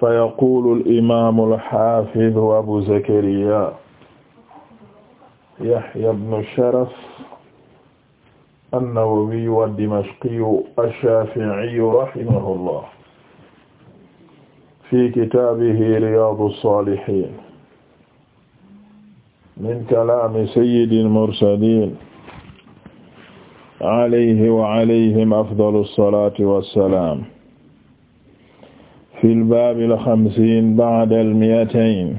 fa yaqulu al-imaamu al-haafidu abu zakariyaa yahya ibnu sharaf an-nawawiyyu ad-dimashqiyyu ash-shaafi'iyyu rahimahullah fi kitaabihi riyaadu s-saalihiin min kalaami sayyidi l-mursaliin alayhi wa alayhim afdalu s-salaati wa s-salaam fi lbaabi alxamsiin ba'da almi'atayn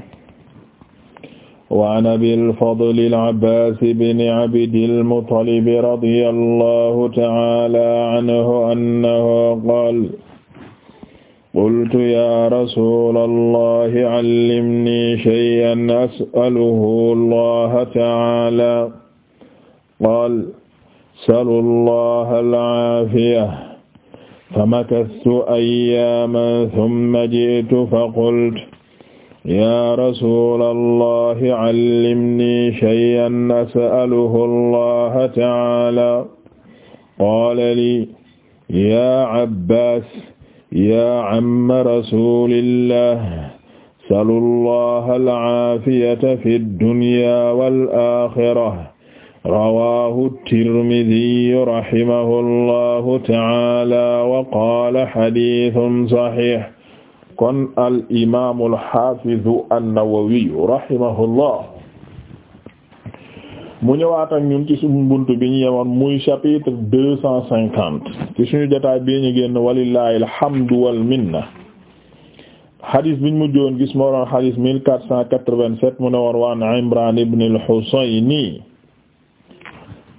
wa an abi alfadli al-abbaas ibni abdi al-muttalib radiya allahu ta'aala anhu annahu qaala qultu yaa rasuula allahi allimnii shay'an as'aluhu allaha ta'aala qaala salu allaha al-'aafiya famakastu ayyaaman summa ji'tu faqultu yaa rasuula allahi callimnii shay'an as'aluhu allaha ta'aalaa qaala lii yaa cabbaas yaa camma rasuulillah salu allaha alcaafiyata fi ddunyaa wal aaxira rawaahu tirmidiyu rahimahullahu ta'ala wa qaala hadiisun saxiix kon al imaamul xaafidu an-nawawiyu rahimahullah mu ñëwaat ak ñun ci suñu buntu bi ñu yemoon muy chapitre deux cent cinquante ci suñu jotaay bii ñu génn walillahi alhamdu wal minna xadis biñ mujjoon gis moo doon xadis mille quatre cent quatre-vingt-sept mu ne woon waan Imraan ibn al-Husayni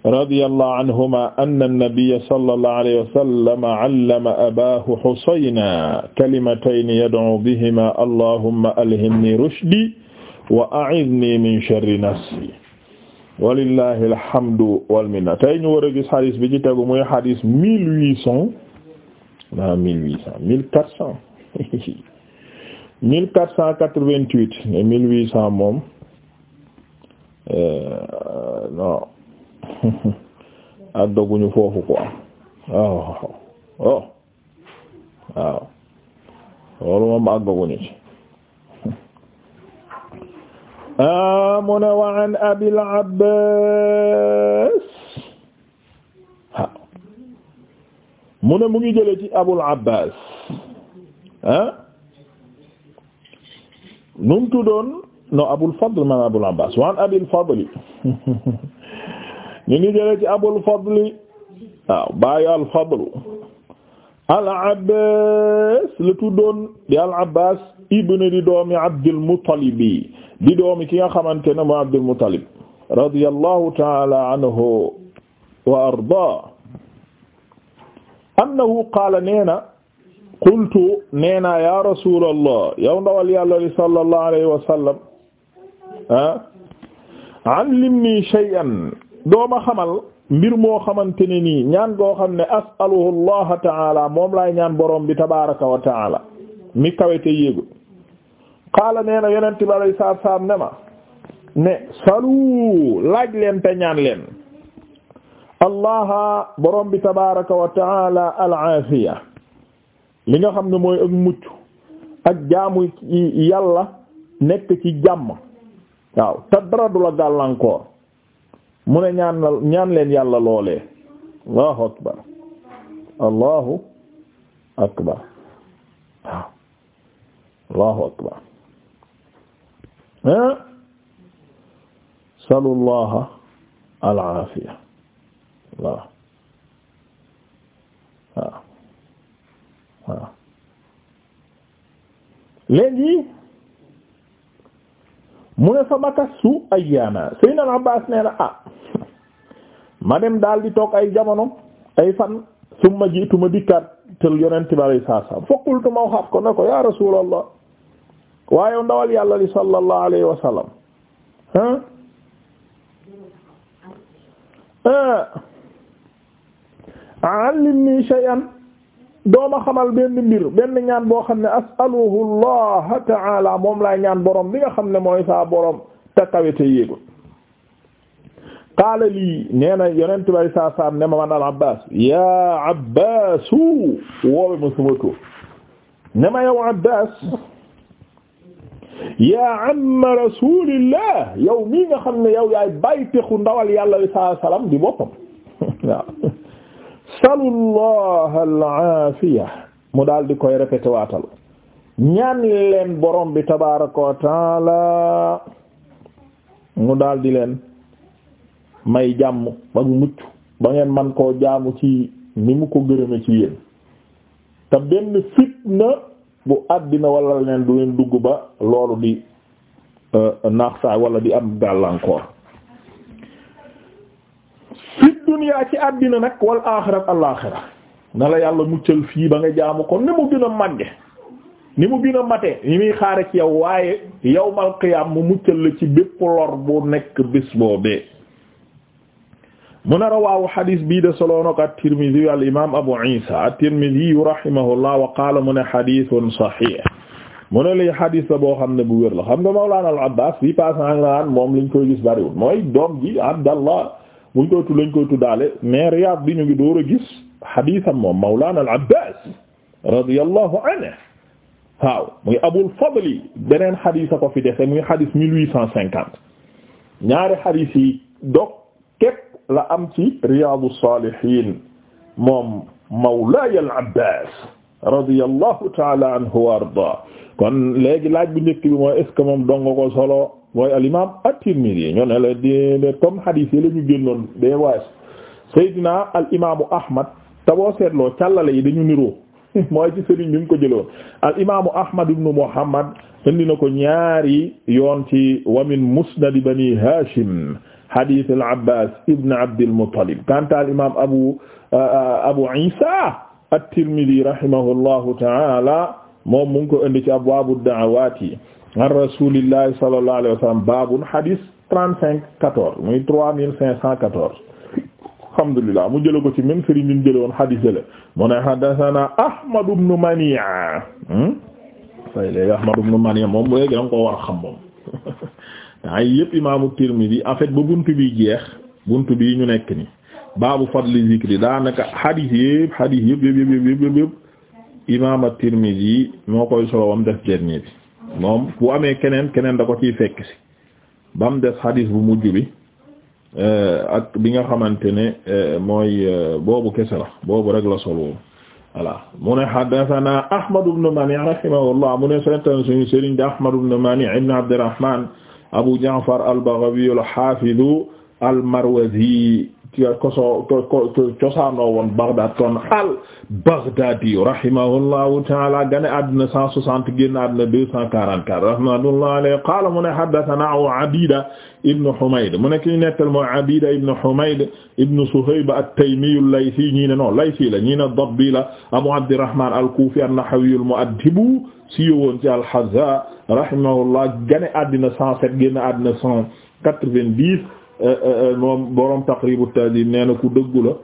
radiyallahu anhuma anna nabiyya sallallahu alayhi wa sallam allama abaahu Husayna kalimatayni yad'u bihimaa allahumma alhimni rushdi wa a'idhni min sharri nafsi walillahi alhamdu wal minna tey ñu war a gis xadis bi ci tegu muy xadis mille huit cent non ah, mille huit cent mille quatre cent mille quatre cent quatre-vingt-huit mille huit cent moom euh, non àggaguñu foofu quoi waaw waaw waaw loolu moom àggaguñu ci ah, mu ne wa an Abil Abbaas waaw mu ne mu ngi jële ci Abul Abbaas ah nu mu tuddoon no Abul Fadl man Abul Abbaas wa an Abil Fadl ñu ngi jëlee ci Abul Fadli waaw baayu al Fadlu al Abbaas la tuddoon di al Abbaas ibn di doomi Abdul Muttalib di doomi ki nga xamante ne moo Abdul Muttalib radiyallahu ta'ala anhu wa ardaa annahu qaala neena qultu neena ya rasulallah yow ndawal yàlla li sallallahu alayhi wa sallam ah allimni shay'an dooma xamal mbir moo xamante ne nii ñaan goo xam ne asaluhu allah taala moom lay ñaan borom bi tabaraka wa taala mi kawete yéegu qaala nee na yonente bi alay saat salaam ne ma ne salu laaj leen te ñaan leen allaha borom bi tabaraka wa taala alaafiya li nga xam ne mooy ak mucc ak jaamu yàlla nekk ci jàmm waaw te dara du la gàllankoor mu ne ñaan la leen yàlla loole allahu akbar allahu akbar waaw allahu akbar hein salu allah al aafiya waaw waaw waaw léegi mu ne fa makastu ayyaama Seydina Abbaas nee na ah ma dem daal di toog ay jamono ay fan summa jiitu ma dikkaat tel yonent bi alayhi salaam foqultu ma waxaat ko ne ko yaa rasuulallah waaye ndawal yàlla li sallallahu alayhi wa sallam ah eh, allimni shay'an dooma xamal benn mbir benn ñaan boo xam ne asaluhu allah taala moom laay ñaan borom bi nga xam ne mooy saa borom te kawe te yéegul qaala lii nee na yonent bay saa saam ne ma man al abbas yaa abbasu woowe ma sama ne ma yow abbas yaa amma rasulillah yow mii nga xam ne yow yaay baytixu ndawal yàlla li saa salaam di boppam salullaha alaafiya mu daal di koy répété waatal ñaan leen borom bi tabaraka wa taala mu daal di leen may jàmm ba mu mucc ba ngeen man koo jaamu ci ni mu ko gërëme ci yéen te benn fitna bu àddina wala leen du leen dugg ba loolu di euh, naaxsaay wala di am gàllankoor dunya ci àddina nag wal aaxirat alaaxira na la yàlla muccal fii ba nga jaamu ko ni mu gën a ni mu gën a mate muy xaare yow waaye yawmal qiyaam mu muccal la ci bépp lor bu nekk bés boobee mu ne rawaawu xadis bii de soloonok at-Tirmidhi al imaam Abu Isa at-Tirmidhi rahimahullah wa qaala mu ne xadisun saxiix mu ne lii xadis la boo xam ne bu wér la xam nga Mawlaana al-Abbaas bi passant ngaan moom liñ koy gis bariwul mooy doom ji Abdallah buñ koy tudd lañ koy tuddaale Riyaad bi ñu ngi door a gis xadiisam moom Mawlaana al-Abbaas radiyallahu anhu waaw muy Abul Fadli beneen xadiis a ko fi defe muy xadiis mille huit cent cinquante ñaari xadiis yi dog képp la am ci Riyaadu Saalihiin moom Mawlaaya al-Abbaas radiyallahu ta'ala anhu wa ardaa kon léegi laaj bu njëkk bi mooy est-ce que moom dong ko solo mooy al imam at-Tirmidhi ñoo ne la déedéet comme hadith yi la ñu génnoon day waas Seydina al imaamu Ahmad te boo seetloo càllale yi dañu niroo mooy ci sëriñ bi mu ko jëloon al imaamu Ahmad ibn Muhammad indi na ko ñaari yoon ci wa min musnad bani Hashim hadith al Abbas ibn Abd al-Muttalib kanta al imaam Abu uh, Abu Isa at-Tirmidhi rahimahullahu ta'ala moom mu ngi ko indi ci abwaabu da'awaat yi an rasulillahi sallallahu alayhi wa sallam babun hadis trente cinq quatorze muy trois mille cinq cent quatorze alhamdulillah mu jële ko ci même sëriñ bi jële woon hadis la mu ne hadathana ahmad ibn mani' fay léegi ahmad ibn mani' moom léegi da nga ko war xam moom ay imaamu tirmidi en fait ba buntu bi jeex bunt bi ñu nekk ni baabu fadli zikri daanaka hadis yëpp hadis yëpp yëpp yëpp yëpp imaam at-tirmidi moo koy solo wam def dernier bi moom bu amee keneen keneen da ko ciy fekk si ba des xadiis bu mujj bi euh, ak bi nga xamante ne euh, mooy euh, boobu kese la boobu rek la solo voilà mu ne haddathana Ahmad ibn Mani' rahimahullah mu ne seetaan suñu sëriñ di Ahmad ibn Mani' ibn Abdurrahman Abu Ja'far al-Baghawi al-Hafiz al-Marwazi koso cosaanoo woon Baghdad kon al Baghdadi rahimahullahu ta'ala gane àddina cent soixante génn àddina deux cent quarante-quatre rahmatullahi alayhi qaala mu ne haddathana Abida ibn Humayd mu ne ki nettal moo Abida ibn Humayd ibn Suhayb at-Taymi al-Laythi ñii ne non Laythi la ñii ne Dabbi la Abu Abdirrahman al-Kufi an-Nahawi al-Mu'addib si yowoon ci al-Hazza rahimahullah gane àddina cent sept génn àddina cent quatre-vingt-dix Euh, euh, euh, moom borom Taqribu Tahdhib nee na ku dëggu la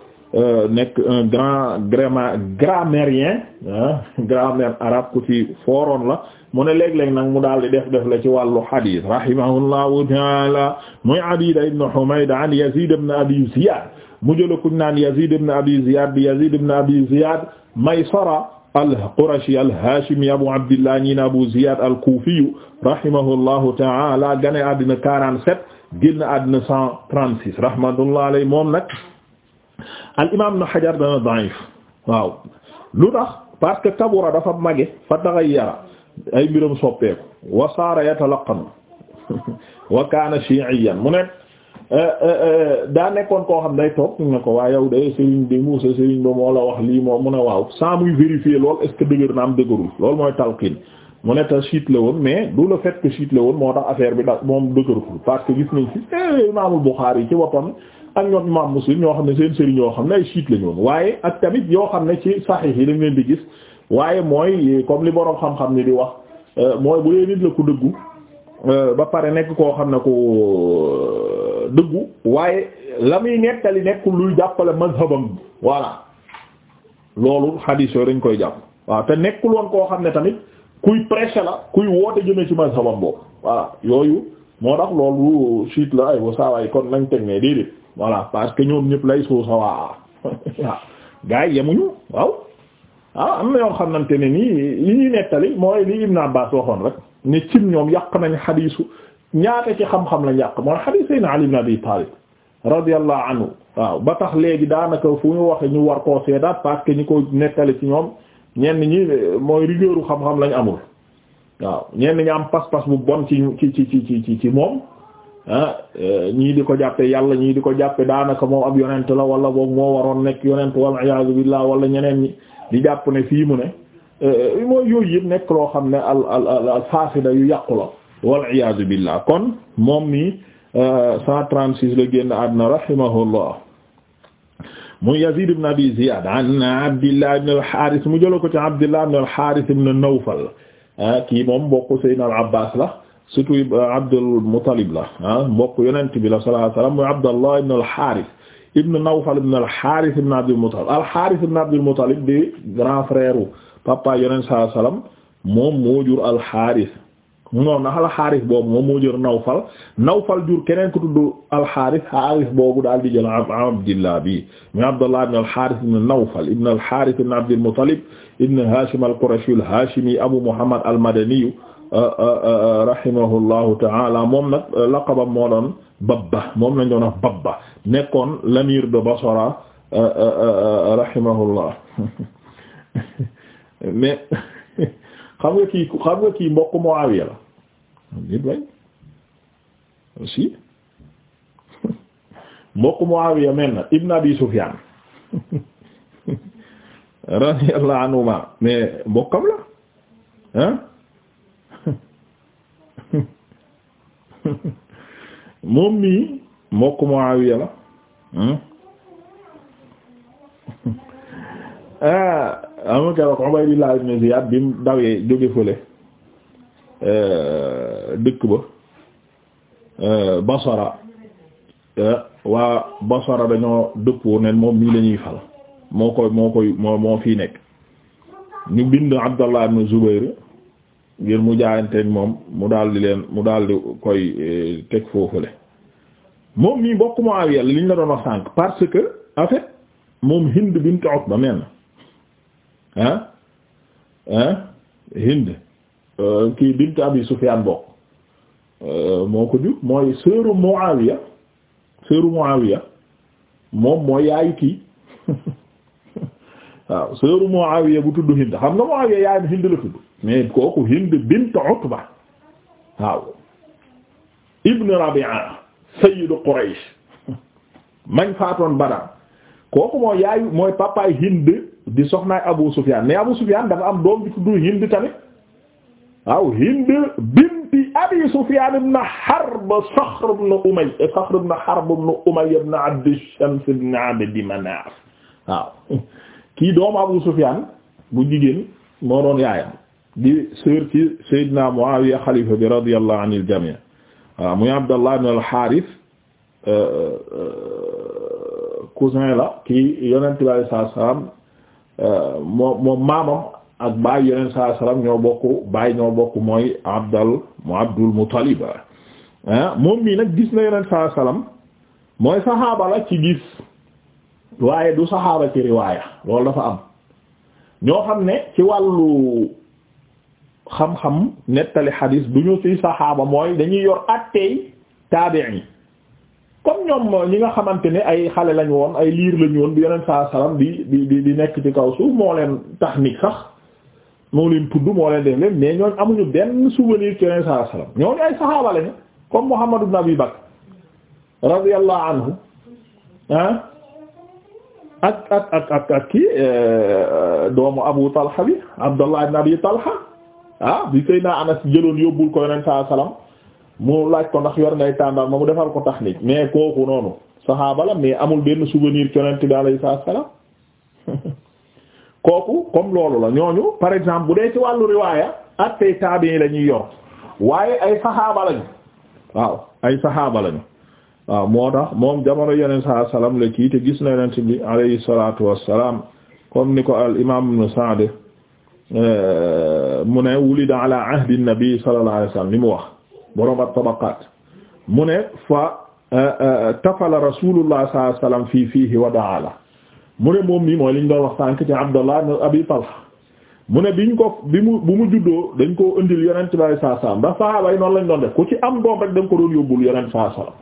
nekk un grand gramma grammairien ah grammaire arabe ku ci fooroon la mu ne léeg-léeg nag mu daal di def def la ci wàllu hadith rahimahullahu taala muy Abid ibn Humayd an Yazid ibn Abi Ziyad mu jëla kuñ naan Yazid ibn Abi Ziyad bi Yazid ibn Abi Ziyad Maysara al-Qurashi al-Hashimi Abu Abdillah ñi na Abu Ziyad al-Kufi rahimahullahu taala gane àddina 47 génn àddina cent trente six rahmatullah moom nag al imam ibn Hajar dana da'if waaw lu tax parce que kabura dafa mage fa taghayyara ay mbiram soppeeku wa saara yatalaqanu mu ne eh, eh, eh, daa koo xam ne ko waa yow de Serigne bi Moussa Serigne ba moo la wax lii moom mu ne waaw sans muy vérifier lool est ce que dëgër na am dëgërul loolu mooy talqin mu ne ta chiite la woon mais du la fait que chiite woon moo tax affaire bi da moom dëgërëful parce que gis nañ ci eh, imaamul Buxaari yi ci boppam ak ñoom imaam Muslim ñoo xam ne seen sëriñ yoo xam ne ay chiite lañu woon waaye ak tamit yoo xam ne ci saxiix yi dañ leen di gis waaye mooy comme li boroom xam-xam ni di wax euh, mooy bu dee nit la ku dëggu euh, ba pare nekk koo xam ne ko euh, dëggu waaye la muy nettali nekkul luy jàppale mazhabam voilà loolu xadiis yooyu dañ koy jàpp waaw te koo xam ne tamit kuy prêcher la kuy woote jëmee ci mazhabam boobu voilà yooyu moo tax loolu siit la ay wasaawaay kon nañ teg ne déedéet voilà que ñoom ñëpp lay soo sawaa waaw gars yi yemuñu waaw ah am na yoo xam xamante ne nii li ñuy nettali mooy li Ibn Abbas waxoon rek ne cim ñoom yàq nañ xadiisu ñaata ci xam-xam lañ yàq mooy xadiis Seydina Ali ibn Abi Talib radiyallahu anhu waaw ba tax léegi daanaka fu ñu waxe ñu war koo seetaat parce que ñi ko nettali ci ñoom ñenn ñi mooy rigueur xam-xam lañ amul waaw ñenn ñu am pas-pas bu bon ci ci ci ci ci ci moom ah euh, ñii di ko jàppe yàlla ñii di ko jàppe daanaka moom ab yonent la wala boog moo waroon nekk yonent wal iyaazu billaah wala ñeneen ñi di jàpp ne fii mu ne euh, mooy yooyu yëpp nekk loo xam ne al al al faasida yu yàqu la wal iyaazu billaah kon moom nii 136 euh, la génn àdduna rahimahullah mu Yazid ibn Abi Ziyad an Abdillah ibn al-Harith mu jëla ko ci Abdillah ibn al-Harith ibn Nawfal ah, kii moom mbokk Seydina al-Abbas la surtout Abdul Muttalib la ah mbokk yonent bi la sallallahu alayhi wa sallam mooy Abdallah ibn al-Harith ibn Nawfal ibn al-Harith ibn Abdul Muttalib al-Harith ibn Abdul Muttalib di grand frère papa yonent sallallahu alayhi wa sallam moom moo jur al-Harith non ndax alxaaris boobu moom moo jël nawfal nawfal jur keneen ku tudd alxaaris xaaris boobu daal di jël abdillah bi mi abdallah ibn alxaaris ibn nawfal ibn alxaaris ibn abdil muttalib ibn hashim alqurashi alhashimi abu muhammad almadaniyu uh, uh, uh, rahimahullahu taala moom nag laqabam moo doon babba moom lañ doon wax babba nekkoon l'amir de Basra rahimahullah mais xam nga kii xam nga kii mbokk Muawiya la nit way aussi mbokk Muawiya mel na Ibn Abi Sufyan radiyallahu anhuma mais mbokkam la hein moom mii mbokk Muawiya la ah ama keroog Ubaydillah ibn Ziyad bi mu dawee jóge fële euh, dëkk ba euh, Basra euh, waa Basra dañoo dëppoo ne moom mii lañuy fal moo koy moo koy moo moo fii nekk ñu bind Abdallah ibn Zubayr ngir mu jaayanteeg moom mu daal leen mu daal di koy teg foofule moom mii bokk Muawiya liñ la doon wax sànq parce que en fait moom Hind bint Utba mel na ah Hind euh, kii bint Abi Sufyan bokk euh, moo ko jur mooy sœuru Muawiya sœuru Muawiya moom mooy yaayu kii waaw sœuru Muawiya bu tudd Hind xam nga Muawiya yaayam Hind la tudd mais kooku Hind bint Utba waaw Ibn Rabi'a sayyidu Quraysh mañ faatoon Badar kooku mooy yaayu mooy papaay Hind di soxnaay Abu Sufyan mais Abu Sufyan dafa am doom bi tuddu Hind tamit waaw Hind binti Abi Sufyan ibn Harb Sakhr ibn Umayy Sakhr ibn Harb ibn Umayy ibn Abd Shams ibn Abd Manaf waaw kii doomu Abu Sufyan bu jigéen moo doon yaayam di sœur ci Seydina Muawiya xalifa bi radiyallahu anil jami' waaw muy Abdallah ibn al-Harith euh, euh, cousin la kii yonent bi sallallahu alayhi wasallam Euh, moom moom maamam ak baay yeneen saa salaam ñoo bokk baay ñoo bokk mooy Abdal mu Abdul Muttalib moom mii nag gis na yeneen saa salaam mooy saxaaba la ci gis waaye du saxaaba ci riwaaya loolu dafa am ñoo xam ne ci wàllu xam-xam nettali xadiis du ñu ci saxaaba mooy dañuy yor àtteey taabi'i comme ñoom ñi nga xamante ne ay xale lañu woon ay liir lañ woon bi yeneen saa salaam di di di di nekk ci kaw suuf moo leen technique sax moo leen tudd moo leen def leen mais ñooñ amuñu benn souvenir ci yeneen saa salaam ñooñu ay saxaaba lañu comme Muhammad ibn Abi Bakr radiyallahu anhu ah, ak ak ak ak ak kii euh, doomu Abu Talha bi Abdallah ibn Abi Talha ah bi Seydina Anas jëloon yóbbul ko yeneen saa salaam. mu laaj ko ndax yor ngay tàndal ma mu defal ko tax nit mais kooku noonu saxaaba la mais amul benn souvenir yonent bi alayhi salaam kooku comme loolu la ñooñu par exemple bu dee wàllu riwaaya ak tey tabi'i la ñuy yor waaye ay saxaaba lañu waaw ay saxaaba lañu waaw moo tax moom jamono yeneen saa salaam la kii te gis na yonent bi alayhi salaatu wassalaam comme ni ko al imaam Ibn Sa'd eh, mu ne wulida ala ahdi nabi sallallahu alayhi li mu wax. borom at-Tabaqaat mu ne fa eh, eh, tafala Rasulullah sallallahu alayhi fii fiihi wa da'a mu ne moom mii mooy li doon waxtaan sànk ci Abdallah ibn Abi Talha mu ne biñ ko bi mu bu mu juddoo dañ ko indil yonent bi sallallahu alayhi wasallam ndax lañ doon def ku ci am doom rek dañ ko doon yóbbul yonent sallallahu alayhi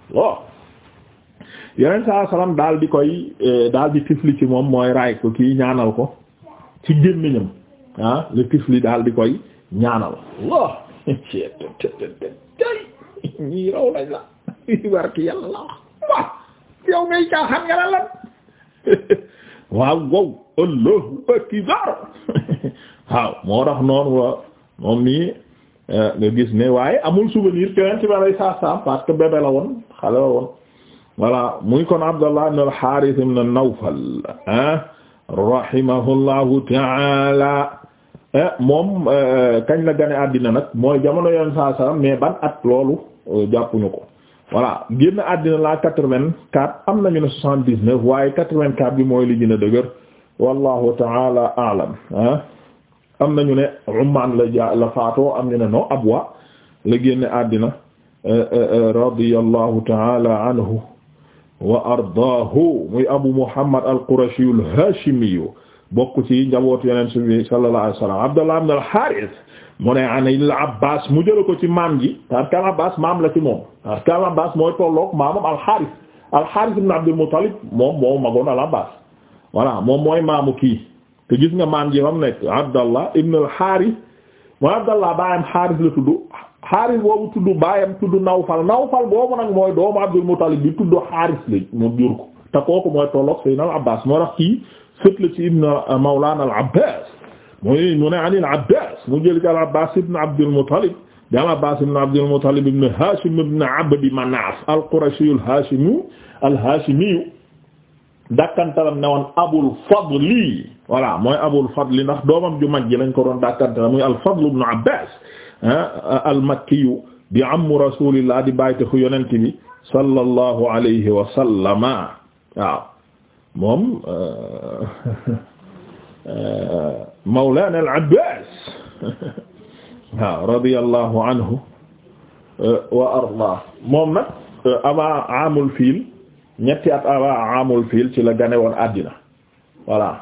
wasallam waaw daal di koy eh, daal di tifli ci moom mooy raay ki ñaanal ko ci gémmiñam ah le tifli daal di koy ñaanal tey ñii raw lañ la barki yàlla la wax yow ngay caaxaan nga la lan waaw wow allahu akbar waaw moo tax noonu wa eh, gis ne waaye amul souvenir keneen ci balay saa saam parce que bébé la muy kon Abdallah ibn al-Harith ibn Nawfal ah rahimahullahu ta'ala Eh, moom eh, kañ la gane àddina nag mooy jamono yoon saa salaam mais ban at loolu eh, jàppuñu ko voilà génn àddina la quatre-vingt-quatre am nañu ne soixante-dix-neuf waaye quatre-vingt-quatre bi mooy li gën a dëgër wallahu taala alam am nañu ne Umman la ja la faatoo am ñu ne non Abwa la génn àddina radiyallahu taala anhu wa ardaahu muy Abu Muhammad al-Qurashi al-Hashimi bokk ci njabootu yeneen suñu sallallahu alayhi wasallam Abdullah ibn al-Harith mu ne an al Abbas ko ci maam ji parce maam la ci moom parce que al Abbas mooy tolloog maamam al-Harith al-Harith moom mooy maamu kii te gis nga maam ji fam nekk Abdallah ibn al-Harith mooy Abdallah baayam Harith la tudd Harith boobu tudd baayam tudd Nawfal Nawfal boobu nag mooy doomu Abdul bi tudd Harith la mu jur ko te kooku mooy tolloog Seydina al Abbas moo tax kii sët la ci ibn euh, mawlana al abbas muy mu ne an al abbas mu jël ci al abbas ibn abdul muttalib di al abbas ibn abdul muttalib ibn hashim ibn abdi manaf al qurashi al hashimi al hashimi dàkkantalam ne woon abul fadli voilà mooy abul fadli ndax doomam ju mag ji lañ ko doon dàkkantalam muy al fadl ibn abbas ah, al makkiyu di ammu rasulillah di bàytafu yonent bi sallallahu alayhi wa sallama waaw moom euh, euh, mawlana al-Abbaas waaw radiyallahu anhu euh, wa arda moom nag avant amul fiil ñetti at avant amul fiil ci la gane woon àddina voilà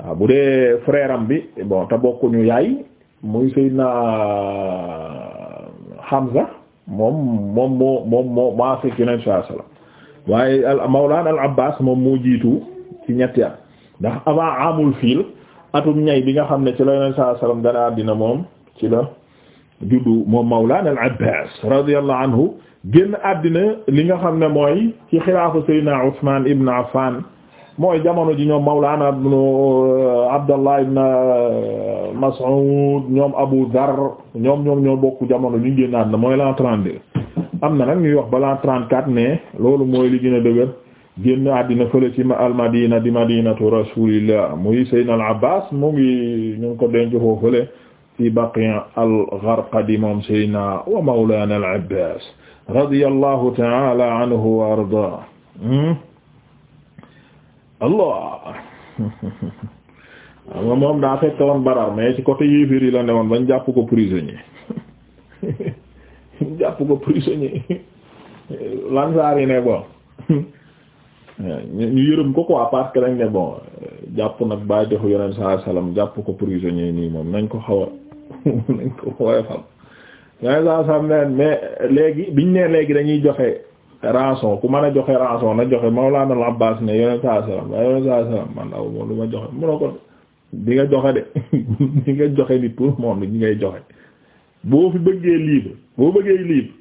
waaw bu dee frère am bi bon te bokkuñu yaay muy Seydina Hamza moom moom moo moom moo maa fekk Yonent sallallahu alayhi wasallam waaye mawlana al abbas moom moo jiitu ci ñetti at ndax avant amul fiil atum ñay bi nga xam ne ci la yonent sallallahu alayhi wasallam dana àddina moom ci la juddu moom mawlana al abbas radiyallahu anhu génn àddina li nga xam ne mooy ci xilaafu sayyidina Usman ibn Affan mooy jamono ji ñoom mawlana ibnu uh, Abdallah ibn uh, Mas'ud ñoom Abu Dharr ñoom ñoom ñoo bokk jamono ñu génn àddina mooy l'an 32 am na nag ñuy wax balaa 34 mais loolu mooy li gën a dëgër génn àddina fële ci al madina di madinatu rasulillah muy sayyidina al mu ngi ñu ko denc foofu fi baqiya al gharqadi moom sayyidina wa mawlana al abbas radiyallahu ta'ala anhu wa arda hmm? allah moom daa fekk woon barar mais ci côté yéeféer yi la ne woon bañ jàpp ko prisonnier jàpp ko prisonnier lansaar yi ne bon ñu yërëm ko quoi parce que dañ ne bon jàpp nag bàyyi defu yonent saa salaam jàpp ko prisonnier nii moom nañ ko xaw a nañ ko woyofal yonent saa salaam ne mais léegi biñ ne léegi dañuy joxe rançon ku mën a joxe rançon na joxe Mawlana al-Abbas ne yonent saa salaam waaye yonent saa salaam man aw moom lu ma joxe mënoo ko di nga joxe de di nga joxe nit pour moom ni ñi ngay joxe boo fi bëggee libre boo bëggee libre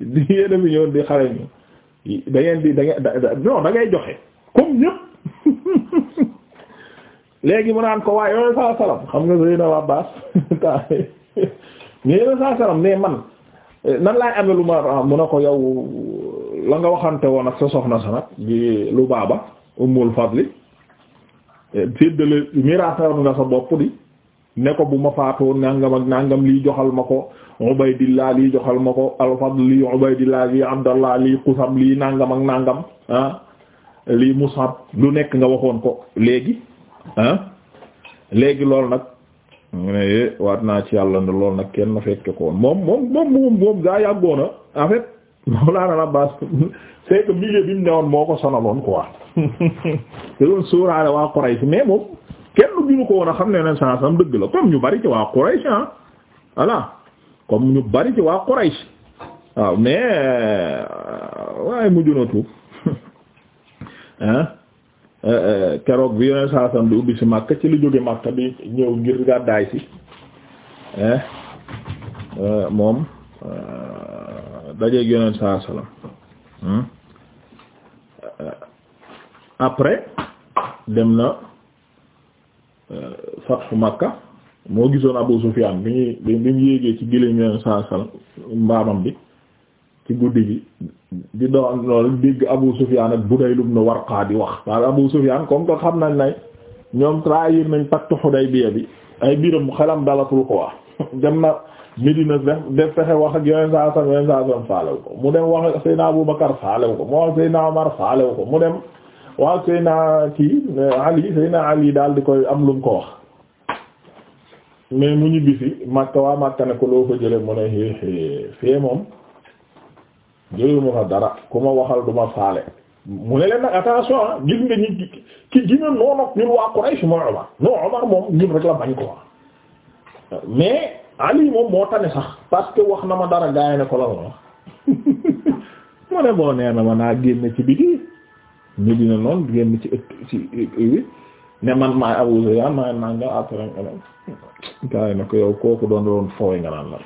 di yéen a fi ñëw di xare ñu da di da ngeen non da ngay joxe comme ñëpp léegi mu naan ko waaye yooyu saa salaam xam nga sëy na waa man nan laay amee lu ma mun a ko yow la nga waxante woon ak sa soxna sa nag di lu baaba umul fadli séddale miraas nga sa bopp di ne ko bu ma faatoo nangam ak nàngam lii joxal ma ko Ubaydillah lii joxal ma ko al-Fadl lii Ubaydillah lii Abdallah lii Qusam lii nangam ak nangam ah lii Musab lu nekk nga waxoon ko léegi ah léegi loolu nag mu eh, waat naa ci yàlla ne lool nag kenn fekke ko moom moom moom moom moom gaa yàggoona en fait Mawlana Abbas c'est que milieu bi mu newoon moo ko sonaloon quoi te doon sóoraale waa Quraysh mais moom. kenn duñu ko woon a xam ne ne saa sam dëgg la comme ñu bari ci waa Quraysh ah voilà comme ñu bari ci waa Quraysh waaw mais euh, waaye mujj na tuub ah keroog bi yeneen saa sam di ubbi si Makka ci li jóge Makka bi ñëw ngir gàddaay si moom dajeeg yeneen saa salaam après dem na. fathu Makka moo gisoon Abu Sufyaan bi ñuy bi mu yéegee ci gëléem yoon saa sal mbaamam bi ci guddi gi di doon loolu dégg Abu Sufyaan ak Budayl ibn Warqa wax waaye Abu Sufyaan comme xam nañ ne ñoom trahir nañ pacte Hudaybiya bi ay biram xelam dalatul ko wax na Medina def wax ak yoon saa mu dem wax Seydina Abu Bakar faalewu ko mu wax Seydina Omar faalewu ko mu dem waaw Seydina kii Ali Seydina Ali daal di koy am lu mu ko wax mais mu ñu bisi Makka waa Makka ne ko loo ko jële mu ne xéexée fee moom jële fa dara ku ma waxal du ma faale mu ne leen nag attention ah gis nga ñi ki gina noonog ñun waa Quraysh mooy Omar non Omar moom ñun rek la bañ ko wax mais Ali moom moo tane sax parce que wax na ma dara gaay ne ko la wax mu ne boo nee na ma naa génn ci biti ñu dina noon génn ci ëtt ci ne man maay Abu Sufyaan ah, maay naan après nga ne gars yow kooku doon doon fooy nga naan la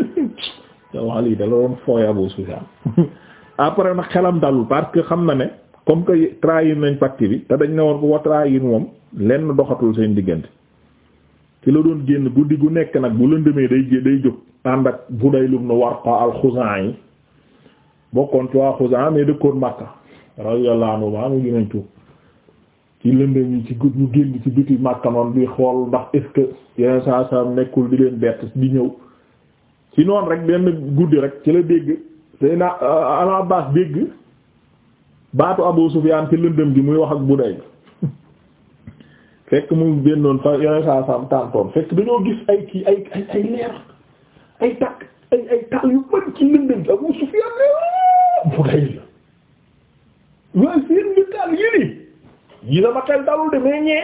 yow Aliou da la doon fooy Abu Sufyaan après nag xelam dalul parce que xam na ne comme que trahir nañ pacte bi te dañ ne woon ko wa trahir moom lenn doxatul seen diggante ci la doon génn guddi gu nekk nag bu lëndëmee day day jóg ànd ak Budaylum nu Warqa al-Xuzaa'i yi bokkoon ci waa Xuzaa mais dëkkoon Makka radiyallahu anhu mu gën a tuub ci lëndëm yi ci gud ñu génn ci biti Makka noon bi xool ndax est-ce saa saa nekkul di leen bett di ñëw ci noonu rek benn guddi rek ci la dégg tey na euh, al Abbaas dégg baatu Abu Sufyaan ci lëndëm gi muy wax ak Budayl fekk mu génnoon fa yeneen saa saa tàntoon fekk dañoo gis ay kii ay ay leer ay takk ay taal yu bari ci lëndëm gi Abu Sufyaan ne Budayl la waa seen ñu taal yi la ma xel dalul de ñee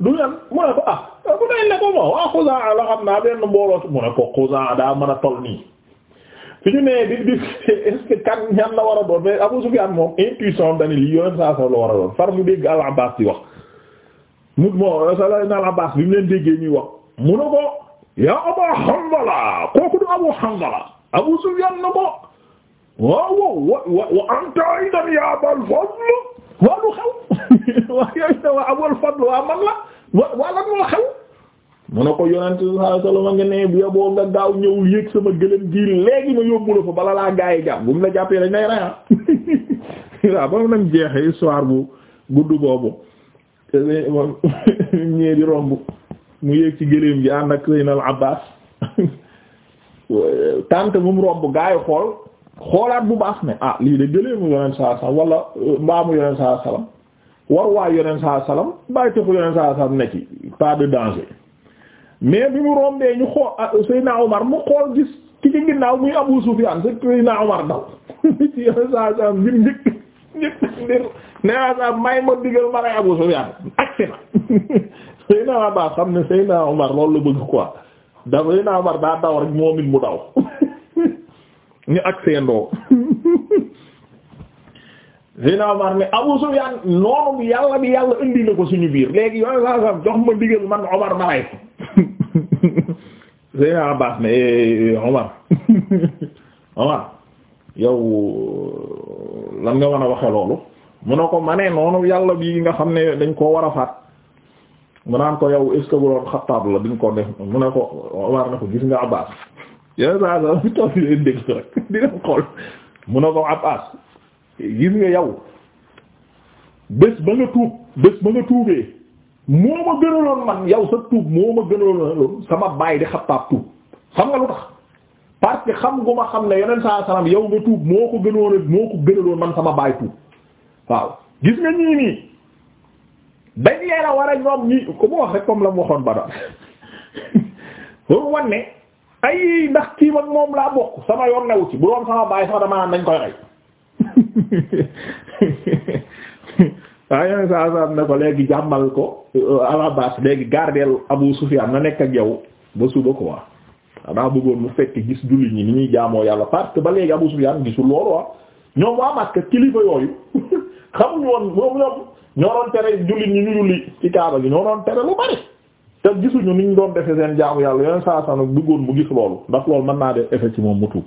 du ñan mu ne ko ah bu ne ko mo waa Xuzaa la xam naa benn mbooloo mu ne ko Xuzaa daa mën a toll nii fi ñu ne di di est-ce que ñan la war a doon mais Abu Sufyaan moom intuition dani lii yoneen saa sa la war a doon far mu dégg al-Abbaas di wax mu moo sa la al-Abbaas bi mu leen déggee ñuy wax mu ne ko yaa Abu Hanzala kooku du Abu Hanzala Abu Sufyaan na ko waaw wa wa wa anta idan yaa Abal Fadl waa lu xew waa yooyu ne waa Abul Fadl waa man la waa lan moo xew mu ne ko yonent sallallahu alayhi wasallam nga ne bu nga gaaw ñëw yéeg sama gëlëm gi léegi ma yóbbu la fa bala laa gaay jàpp bu mu la jàppee dañ lay raya ah. waaw ba mu nag bu gudd boobu ñee di romb mu yéeg ci gëlëm gi ànd ak Seynal Abbas tànt bu mu romb gaay xool xoolaat bu baax ne ah lii de gëleemu yoneen euh, saa salaam wala mbaamu yoneen saa salaam war waay saa salaam bàyyi tëfu yoneen saa salaam ne ci pas de danger may ma digal ma rey Abu Sufyaan agsi na Seydina Omar xam ne Seydina Omar loolu la bëgg quoi dafa Seydina Omar daa daw rek moom mu daw. ñu ak seendoo Seydina Omar ne Abu Sufyaan noonu yàlla bi yàlla indi na ko suñu biir léegi yooyu saa saa jox ma digal man Omar ma rey Seydina Abbaas ne eh, Omar Omar yow euh, lan nga mën a waxe loolu mu ne ko ma ne noonu yàlla bi nga xam ne dañ koo war a faat mu naan ko yow est-ce que bu doon Xattaab la duñ ko def mu ne ko Omar ne ko gis nga Abbaas yeneen saa saa fi toog leen xool mun na ko Abbas gis nga yow bés ba nga tuub bés ba nga tuubee moo ma gënaloon man yow sa tuub moo ma gënaloon sama baay di Xattaab tuub xam nga lu tax parce que xam gu ma xam ne yeneen saa yow nga tuub moo ko gënoon moo ko gënaloon man sama baay tuub waaw gis nga ñii nii dañ leen a war a ñoom ñii ku ma wax rek comme la mu waxoon ba daal pour wane. ay ndax kii moom laa bokk sama yoon newu ci bu doon sama baay sax dama nañ koy rey waaye saa saa ne ko léegi jàmmal ko euh, alabaas léegi gardel Abu Sufyaan na nekk ak yow ba suba ko waa daa bëggoon mu fekk gis julli ñi ni ñuy jaamoo yàlla parce que ba léegi Abu Sufyaan gisul loolu waa ah. ñoom waa Makka kilifa yooyu xamuñu woon moom ñoom ñoo doon tere julli ñi ñu julli ci Kaaba gi ñoo doon tere lu bari te gisuñu ñu doon defe seen jaamu yàlla yeneen saa saa nag bëggoon mu gis loolu ndax loolu mën naa def effet ci moom mu tuub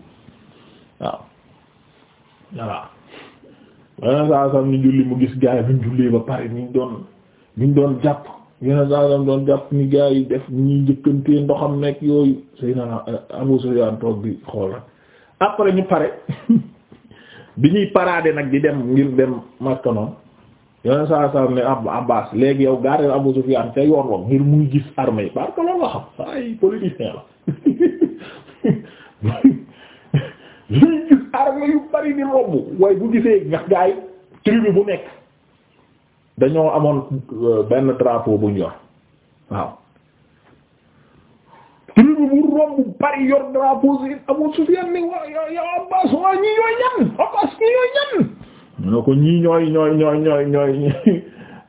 waaw mu gis gaay buñ jullee ba pare niñ doon niñ doon jàpp doon jàpp ni gaay yi def ñuy jëkkantee ndoxam nekk yooyu Seydina Abu Sufyaan xool nag après ñu pare bi ñuy paraade nag di dem ngir dem Makka noonu yeneen saa saa ne ab Abbas léegi yow gaareel Abu Sufyan ca yoon wa ngir muy gis armée yi parce que loolu la xam ay politicien la luy gis armée yu bari di romb waaye bu gisee ngax gaay tribu bu nekk dañoo amoon euh, benn drapeau bu ñu yor waaw tribu bu romb bari yor drapeau si Abu Sufyan ni waa yow Abbas waa ñi ñooy ñan Abbas ñi ñooy ñan mu ne ko ñii ñooy ñooy ñooy ñooy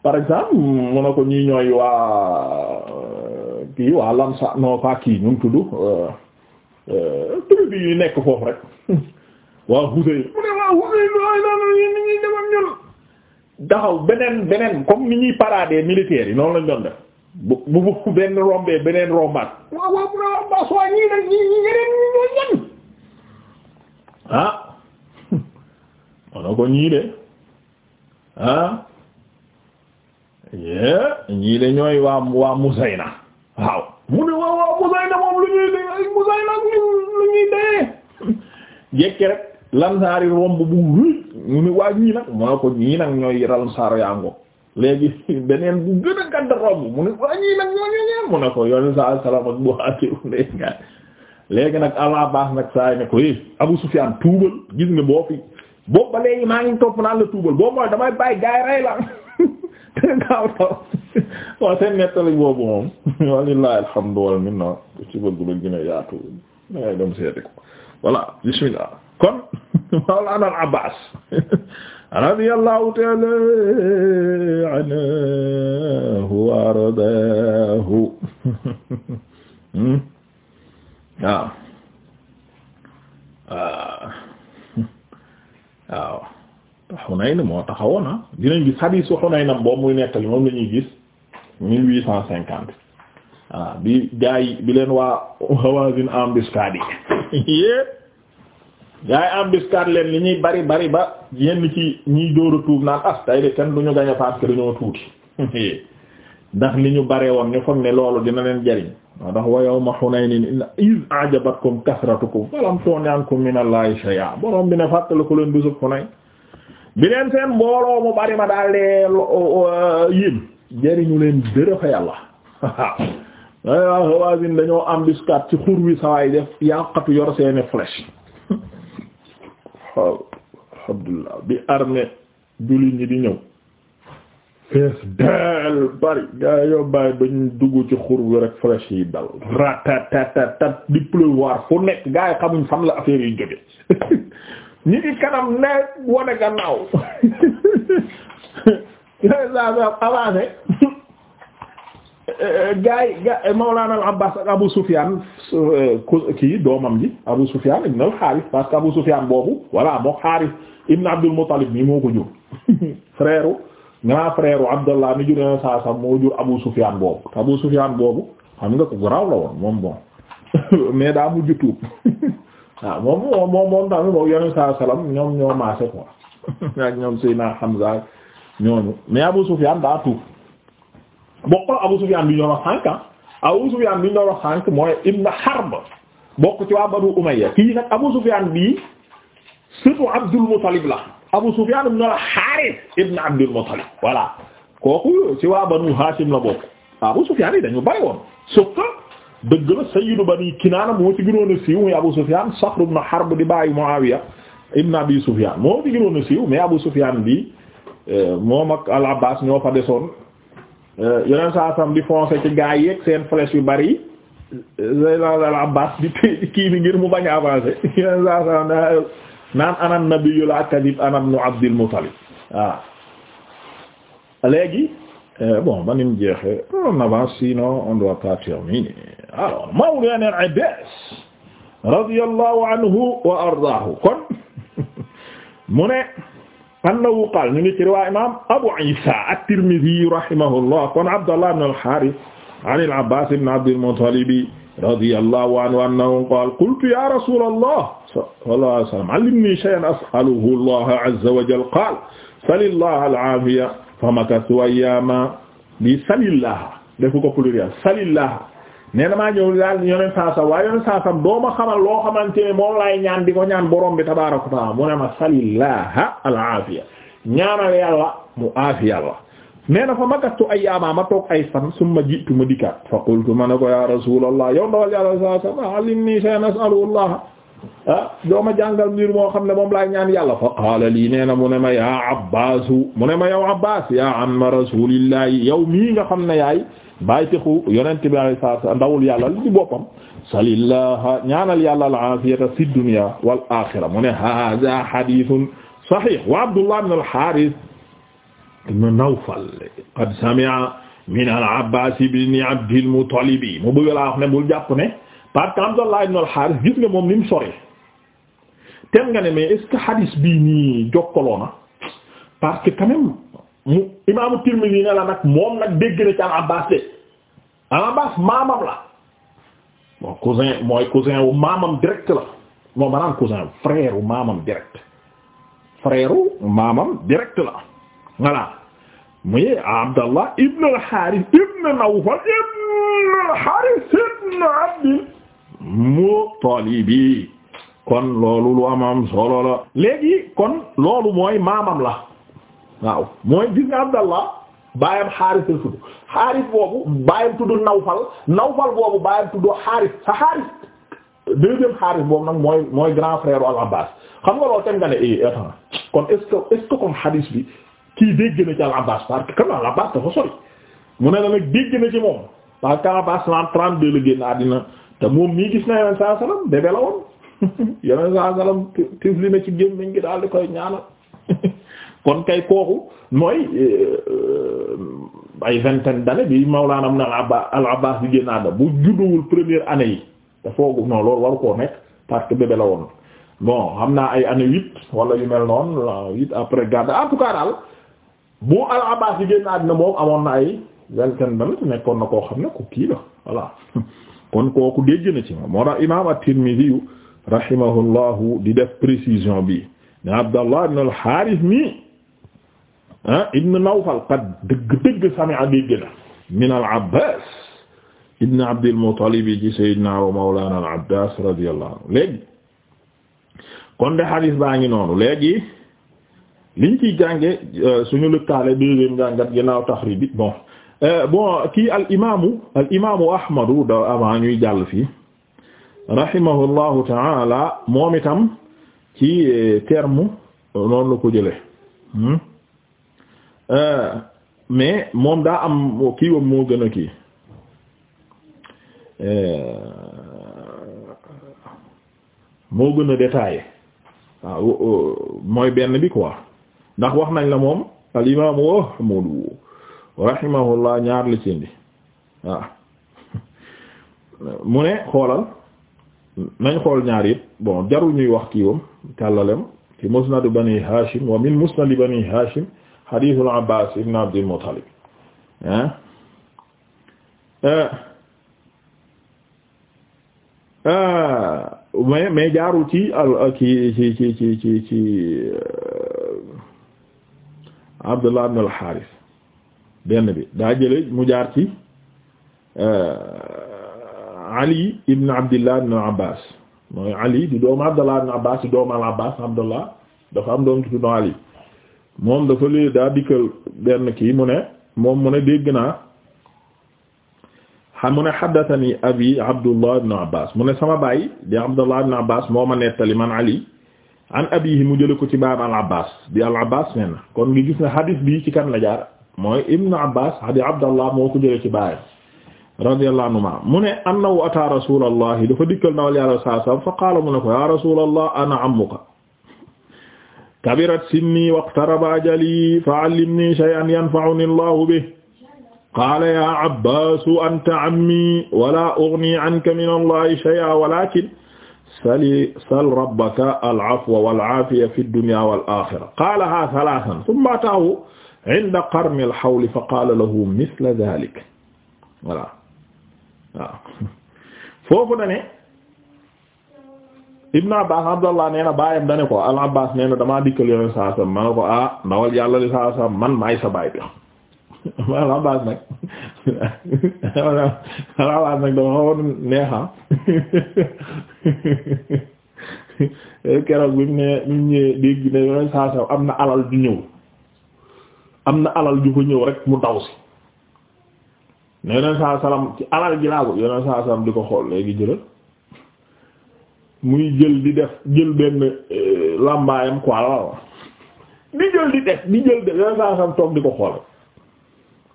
par exemple mu ne ko ñii ñooy waa kii waa Lamsa non pas kii ñu ngi tudd tribu yi nekk foofu rek waa Hudayl mu ne waa Hudayl waaye noonu ñun ñuy dem ak ñun. daxaw beneen beneen comme ni ñuy parader militaires yi noonu la doon def bu bu benn rombee beneen rombaat. waaw waaw bu la rombaas waa ñii nag ñii ñeneen ñi ñooy ñan muna ko ñii de ah. yee ñii de ñooy waa waa Muzayna waaw mu ne waa waa Muzayna moom lu ñuy Muzayna lu ñuy de jekke rek lansaari romb bu rëy mu ne waa ñii nag mu ko ñii nag ñooy lansaar yaa ngo léegi beneen bu gën a gàdd romb mu ne waa ñii nag ñoo ñoo ne ko yoonu saa salaam ak bu haatiru ndee léegi nag allah baax nag saay ne ko eh Abu Sufyaan tuubal gis nga boo fi boobu ba léegi maa ngi topp naan la tuubal boo mooy damay bàyyi gaay rey la te taw waaw seen nettali boobu moom walillahi alhamdu wal minna ci bëgg lu gën a yaatu da ngay dem seeti ko voilà bismillah kon mawlana al abbas radiyallahu ta'ala anhu wa ardahu hmm? waaw Hunayn moo taxawoon ah dinañ gis hadiisu Hunaynam boobu muy nettali moom la ñuy gis mille huit cent cinquante voilà bi gars yi bi leen waa Hawazin embuscade yi yépp gars yi embuscade leen li ñuy bari bari ba yenn ci ñiy dóor a tuub naan as ah, tay de kenn du ñu gañ a parce que dañoo tuuti ndax li ñu bare woon ñu foog ne loolu dina leen jariñ waaw ndax wa yawma Hunaynin ko a'jabatkum ko falam tughni ankum minallahi shay'a borom bi ne fàttaliku leen bisu Hunayn bi leen seen mbooloo mu bari ma daal de jariñu leen dërë fa yàlla waaw Hawaazin dañoo embuscade ci xur wi sawaay def yàqatu yor seeni flèche waaw alhamdulillah bi armée jullit ñi di ñëw bari gaa yoo bàyyi ba dugg ci xur rek flèche yi dal ratatatatat di pleuvoir fu nekk gaa yi xamuñ fan la affaire yi jóge ñi ngi kanam ne wane gannaaw saa gaa yi Mawlana Abbas Abu Sufyan kii doomam ji Abu Sufyan ibn al Harith que Abu Sufyan boobu voilà moo Harith ibn Abdul Muttalib nii moo ko jur frère grand frère Abdallah mi jur yeneen saa moo jur Abu Sufyan boobu Abu Sufyan boobu xam nga ko garaaw la woon moom mais daa mujj tuub waaw moom moom moom moom tamit moom yeneen saa ñoom ñoo maase quoi ak ñoom Seyna Hamza ñooñu mais Abu Sufyan daa tuub bokkul Abu Sufyan bi ñu wax ah. Abu Sufyan bi ñu wax mooy Ibn Harb bokk ci waa Banu Umayya kii nag Abu Sufyan bii surtout Abdul Muttalib la. Abu Sufyan ibn al-Harith ibn Abdul Muttalib voilà kooku ci waa Banu Hashim la bokk Abu Sufyan yi dañu bari woon dëgg la sayyidu Bani Kinaana moo ci gënoon siiw muy Abu Sufyan Saxr ibn Harb di bàyyi Muawiya ibn Abi Sufyan moo ci gënoon siiw mais Abu Sufyan bi euh, moom ak al-Abbas ñoo fa desoon euh, yeneen saa sam di foncer ci gaa yi seen flèche yu bari yi euh, Seydina al-Abbas di kii bi ngir mu bañ a avancer naan ana nabiyyu la kadib ana ibnu Abdil Muttalib voilà ah. léegi eh, bon ba ni mu jeexee on avance sinon on doit pas terminer alors mawlana al-Abbaas radiyallahu anhu wa ardaahu kon mu ne annahu qaal ñu ngi ci riwaaya imaam Abu Iisa at-Tirmidhi rahimahullah kon Abdallah ibn al-Haarith an al-Abbaas ibn Abdil Muttalib radiyallahu anhu annahu qaala qultu ya rasuulallah sallallahu alayhi wa sallam allimnii shay'an as'aluhu Allaha azza wa jalla qaala salillaha al-aafiya famakathtu ayyaaman bi salillaha defu ko pluriel salillaha nee na maa ñëw daal yoneen saasam waaye yoneen saasam doo ma xamal loo xamante ne moom laay ñaan di ko ñaan borom bi tabaaraka wa ta'aala mu ne ma salillaha al-aafiya ñaanal yàlla mu aafiya la nee na fa makastu ayyaama ma toog ay fan summa jiitu ma dikkaat fa qultu ma ne ko ya rasulallah yow ndawal yàlla sallallahu alayhi wa sallam allimnii shay'an as'alullaah ah doo ma jàngal mbir moo xam ne moom laay ñaan yàlla fa qaala lii nee na mu ne ma yaa abbaasu mu ne ma yow abbaas yaa amma rasuulillaahi yow mii nga xam ne yaay bàyyi texu yonent bi alayhi salaatu wa ndawul yàlla li ci boppam salillaaha ñaanal yàlla al-aafiyata fi dunya wal aaxira mu ne haaza hadiisun sahiih wa Abdullah ibn al-Haaris ibn Nawfal qad sami'a min al-Abbaas ibn Abdil Muttalib mu bëgg laa wax ne bul jàpp ne parce que Abdallah ibn al-Haaris gis nga moom ni mu sori tem ne mais est que hadis bii nii parce que quand même mu imaamu Tirmidhi ne moom nag dégg na al-Abbaas maamam la bon cousin mooy cousin wu maamam direct la moom maanaam cousin wu maamam wu maamam direct la. voilà muy Abdallah ibn al-Harith ibn Nawfal ibn al-Harith ibn Abd al-Muttalib kon loolu lu amam solo la léegi kon loolu mooy maamam la waaw mooy gis nga Abdallah baayam Harith la tudd Harith boobu baayam tudd Nawfal Nawfal boobu baayam tudd Harith sa Harith deuxième Harith boobu nag mooy mooy grand frère al Abbas xam nga loolu tam nga ne eh attends kon est-ce que est-ce que comme hadith bi kii dégg na ci al-Abbas parce que comme dafa sori mu ne la nag dégg na ci moom parce que al-Abbas lan 32 la génn àddina te moom mii gis na yeneen saa salaam bébé la woon yeneen saa tifli na ci gémmiñ gi daal di koy ñaanal kon kay kooku mooy euh, ay vingtaine d'années bi Mawlana am na al-Abbas bi génn àddina bu judduwul première année yi te foogu non loolu waru koo nekk parce que la woon bon xam naa ay année huit wala yu mel noonu après bu al-Abbaas yi génn àddina moom amoon na ay welten dal nekkoon na koo xam ne ku kii la kooku dégg na imaam at-Tirmidhi rahimahullahu di def précision bi ne Abdallah ibn al mi ibn Nawfal qad dëgg-dëgg sami'a dégg na min al-Abbaas ibn Abdil Muttalib ci sayyidina wa mawlana al-Abbaas radiyallahu anhu léegi kon de hadith baa ngi noonu léegi liñ ciy jànge euh, suñu lëkkaale deuxième jàngat ginnaaw taxrib bi bon euh, bon kii al imaamu al imaamu ahmadu da avant ñuy jàll fii rahimahullahu taala moom itam ci euh, terme noonu la ko jële hmm? mais moom daa am kii wam moo gën a kii moo gën a détaillé waaw mooy benn bi quoi ndax wax nañ la moom al imaamu Ahmad rahimahullah ñaar la ci indi mu ne xoolal nañ xool ñaar yëpp bon jarul ñuy wax kiiwam kàllalem ci musnad bani Hashim wa min musnad bani Hashim hadithul Abbas ibn Abdul Muttalib ah mais jaarul ci ci ci ci ci euh, Abdullah ibn al benn bi daa jële mu jaar ci euh, Ali ibn Abdullah ibn Abbas mooy Ali di doomu Abdullah ibn Abbas di doomu al-Abbas Abdullah dafa am doom tudd Ali moom dafa lee daa dikkal benn kii mu ne moom mu ne dégg naa xam mu ne haddathani abi Abdullah ibn Abbas mu ne sama baay di Abdullah ibn Abbas moo ma nettali man Ali an abihi mu jële ko ci baab al abbas bi al abbas nee na kon ngi gis ne hadith bi ci kan la jaar mooy ibnu abbas hadi abdallah moo ko jële ci baayam radiyallahu anhuma mu ne annahu ata rasulallahi dafa dikkal nawal yàlla saa salam fa qaala mu ne ko ya rasulallah ana amuka kabirat sinni waqtaraba ajali fa allimni shay'an yanfa'uni allahu bih qaala ya abbasu anta ammi wala ughni anka min allahi shay'an walakin sali sal rabbaka al afwa wal afiya fi dunya wal akhirah qaalaha thalathan thumma ataahu inda qarmi al hawl fa qaala lahu mithla dhalik voilà waaw foofu dane Ibn Abbas Abdallah nee na baayam dane ko al Abbas nee na damaa dikkal yoneen saa sam ma ne ko ah ndawal yàlla li saa sam man maay sa baay bi al Abbaas nag al Abbaas nag dama keroog bi mu ne bi mu ñëwee dégg ne yooyu saa saa am na alal ju ñëw am na alal ju ko ñëw rek mu daw si ne yoneen saa salaam ci alal ji laa ko yoneen saa salaam di ko xool léegi jëlal muy jël di def jël benn eh, làmbaayam quoi la di jël di def di jël di yoneen saa salaam toog di ko xool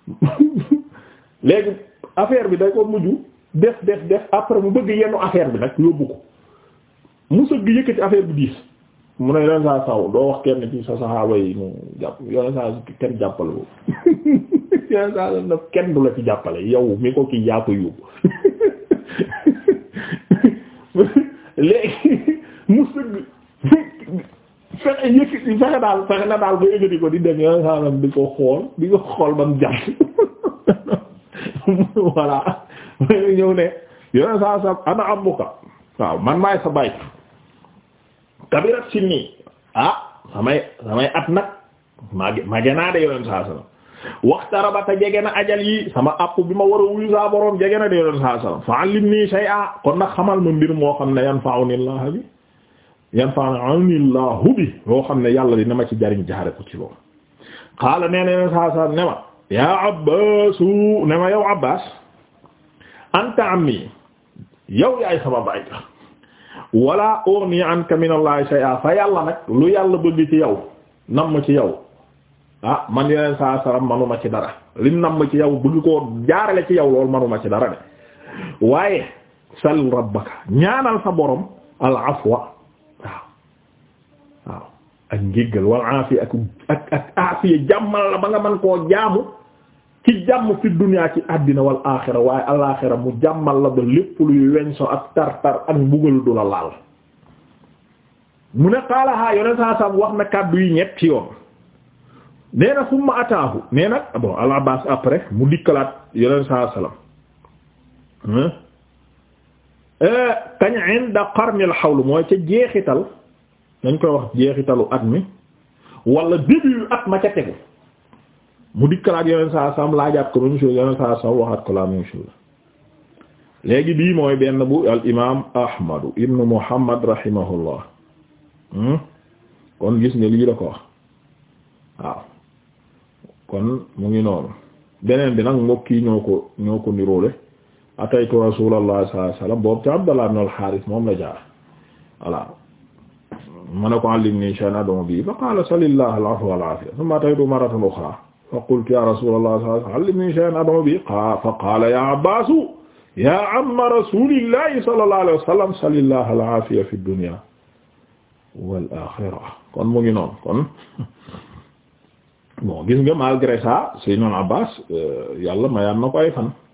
léegi affaire bi day ko mujj def def def après mu bëgg yennu affaire bi nag yóbbu ko mu sëgg yëkkati affaire bi diis mu ne yonen saa saw doo wax kenn ci sa saxaaba yi mu jàpp saa kenn jàppale kenn du la ci jàppale yow mi ko kii yaa ko yóbbu léegi mu sëgg fexe daal fexe na daal ba yëgati ko di dem yow xaaral di ko xool di ko xool ba mu jàpp voilà ñëw ne yow saa sa ana abuka waaw man maay sa baay kabirat si nii ah samay samay at nag mage mage naa de yow saa sa waxtaraba ta jege na ajal yi sama app bi ma war a wuyu saa borom jege na de yow saa sa fa allimni shay'a kon nag xamal ma mbir moo xam ne yan faaw ni laa bi. yanfa'anillahu bi yoo xam ne yàlla dina ma ci jariñ jaare ko ci loolu qaala nee na yeneen saa saa ne ma yaa Abbaasu ne ma yow Abbaas anta ammi yow yaay sama baay wala ughnii anka minallaahi shay'an fa yàlla nag lu yàlla bëgg ci yow namm ci yow ah man yeneen saa saa manuma ci dara li namm ci yow bëgg koo jaarale ci yow lool manuma ci dara de waaye sal rabbaka ñaanal sa borom al afwa waaw ak njéggal wal aafiya ak ak ak jàmmal la ba nga mën koo jaamu ci jàmm fi dunya ci àddina wal aaxira waaye alaaxira mu jàmmal la ba lépp luy weñ so ak tar-tar ak mbugal du la laal mu ne xaalaxaa yoneen saa saam wax na kàddu yi ñetti yoon nee summa ataahu nee nag ah al abbas après mu dikkalaat yoneen saa salaam hmm? eh, kañ inda qarnil xawlu mooy ca jeexital dañ koy wax jeexitalu at mi wala début at ma ca tegu mu dikkalaat yeneen saa sam laajaat ko même chose yeneen saa waxaat ko la même léegi bii mooy benn bu al imaam ahmadu ibnu muhammad rahimahullah hmm? kon gis nga lii la ko wax waaw kon mu ngi noonu beneen bi nag mbokk yi ñoo ko ñoo ko niroole ataytu rasulallah sallallahu alayhi wasallam boobu ca abdallah ibn al harith moom la jaar voilà mu ne ko allimnii shay'an ad'u bihi fa qaala salillaahi al-'afwa wal-'aafiya thumma ataytu marratan ukhraa fa qultu yaa rasuulallaahi sallallaahu alayhi wa sallam allimnii shay'an ad'u bihi fa qaala yaa Abbaasu yaa amma rasuulillaahi sallallaahu alayhi wa sallam salillaahi al-'aafiya fi dunyaa wal-aaxira kon mu ngi noonu kon bon gis nga malgré ça Seydina Abbaas euh, yàlla mayaan na ko ay fan.